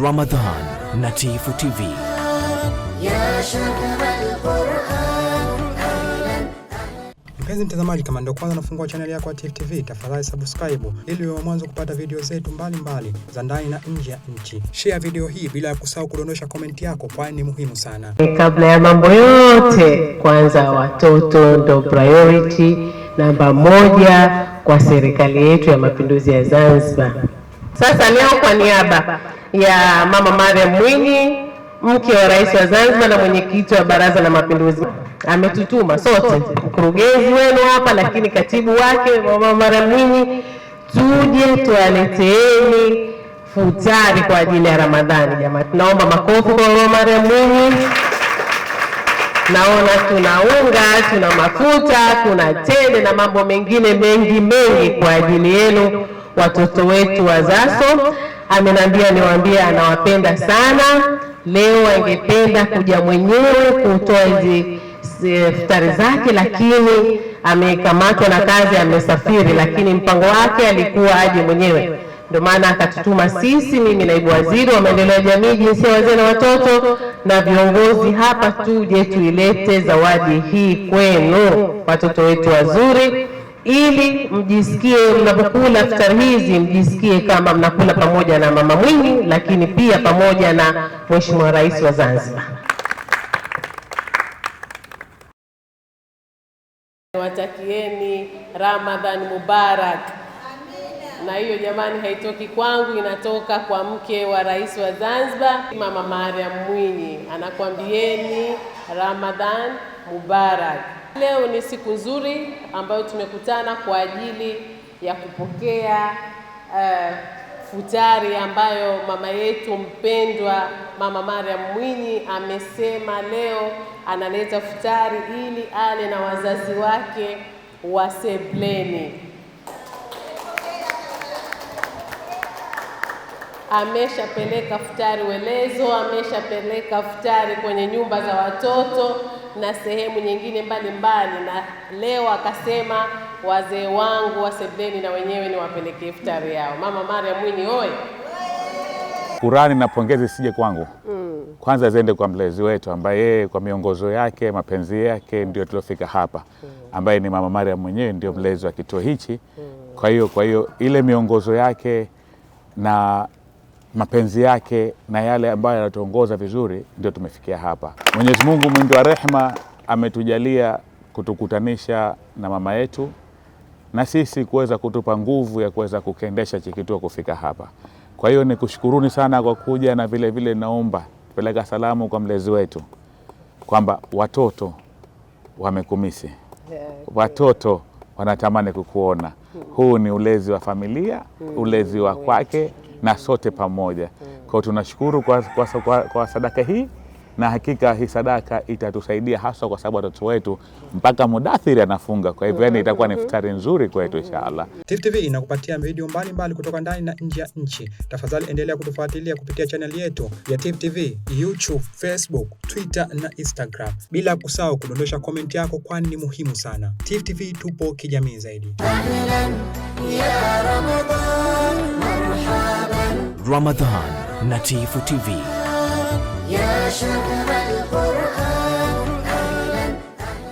Ramadan na Tifu TV. Mpenzi mtazamaji, kama ndio kwanza nafungua chaneli yako ya Tifu TV, tafadhali subscribe ili uwe mwanzo kupata video zetu mbalimbali za ndani na nje ya nchi. Share video hii bila ya kusahau kudondosha komenti yako, kwani ni muhimu sana. E, kabla ya mambo yote, kwanza watoto ndo priority namba moja kwa serikali yetu ya mapinduzi ya Zanzibar. Sasa leo kwa niaba ya Mama Mariam Mwinyi, mke wa rais wa Zanzibar na mwenyekiti wa Baraza la Mapinduzi. Ametutuma sote, mkurugenzi wenu hapa, lakini katibu wake Mama Mariam Mwinyi, tuje tualeteeni futari kwa ajili ya Ramadhani. Jamani, tunaomba makofi kwa Mama Mariam Mwinyi. Naona tuna unga, tuna mafuta, kuna tende na mambo mengine mengi mengi kwa ajili yenu watoto wetu wa Zaso amenambia niwaambie anawapenda sana. Leo angependa kuja mwenyewe kutoa hizi futari eh, eh, zake, lakini amekamatwa na kazi, amesafiri, lakini mpango wake alikuwa aje mwenyewe ndio maana akatutuma sisi, mimi naibu waziri wa maendeleo ya jamii, jinsia, wazee na watoto, na viongozi hapa, tuje tuilete zawadi hii kwenu, watoto wetu wazuri ili mjisikie mnapokula futari hizi mjisikie kama mnakula pamoja na mama Mwinyi, lakini pia pamoja na Mheshimiwa Rais wa Zanzibar. Niwatakieni Ramadhan Mubarak. Na hiyo jamani, haitoki kwangu, inatoka kwa mke wa rais wa Zanzibar, Mama Mariam Mwinyi, anakwambieni Ramadhan Mubarak. Leo ni siku nzuri ambayo tumekutana kwa ajili ya kupokea uh, futari ambayo mama yetu mpendwa Mama Mariam Mwinyi amesema leo analeta futari ili ale na wazazi wake wa Sebleni. Ameshapeleka futari Welezo, ameshapeleka futari kwenye nyumba za watoto na sehemu nyingine mbalimbali mbali. Na leo akasema wazee wangu wa na wenyewe ni wapelekee iftari yao. Mama Maria Mwini oye! Kurani na pongezi sije kwangu mm. Kwanza ziende kwa mlezi wetu ambaye yeye kwa miongozo yake mapenzi yake ndio tuliofika hapa mm. ambaye ni Mama Mariam mwenyewe ndio mlezi wa kituo hichi mm. Kwa hiyo kwa hiyo ile miongozo yake na mapenzi yake na yale ambayo yanatuongoza vizuri, ndio tumefikia hapa. Mwenyezi Mungu mwingi wa rehema ametujalia kutukutanisha na mama yetu na sisi kuweza kutupa nguvu ya kuweza kukendesha chikituo kufika hapa. Kwa hiyo nikushukuruni sana kwa kuja, na vile vile naomba peleka salamu kwa mlezi wetu kwamba watoto wamekumisi, watoto wanatamani kukuona. Hmm. Huu ni ulezi wa familia, hmm. ulezi wa kwake na sote pamoja. Mm. Kwa hiyo tunashukuru kwa, kwa, kwa, kwa sadaka hii na hakika hii sadaka itatusaidia hasa kwa sababu watoto wetu mpaka mudathiri anafunga. Kwa hivyo, yani itakuwa ni mm-hmm. futari nzuri kwetu inshallah. Tifu TV inakupatia video mbalimbali kutoka ndani na nje ya nchi. Tafadhali endelea kutufuatilia kupitia chaneli yetu ya Tifu TV, YouTube, Facebook, Twitter na Instagram, bila kusahau kudondosha komenti yako, kwani ni muhimu sana. Tifu TV tupo kijamii zaidi. Ramadan na Tifu TV. يا شرح القرآن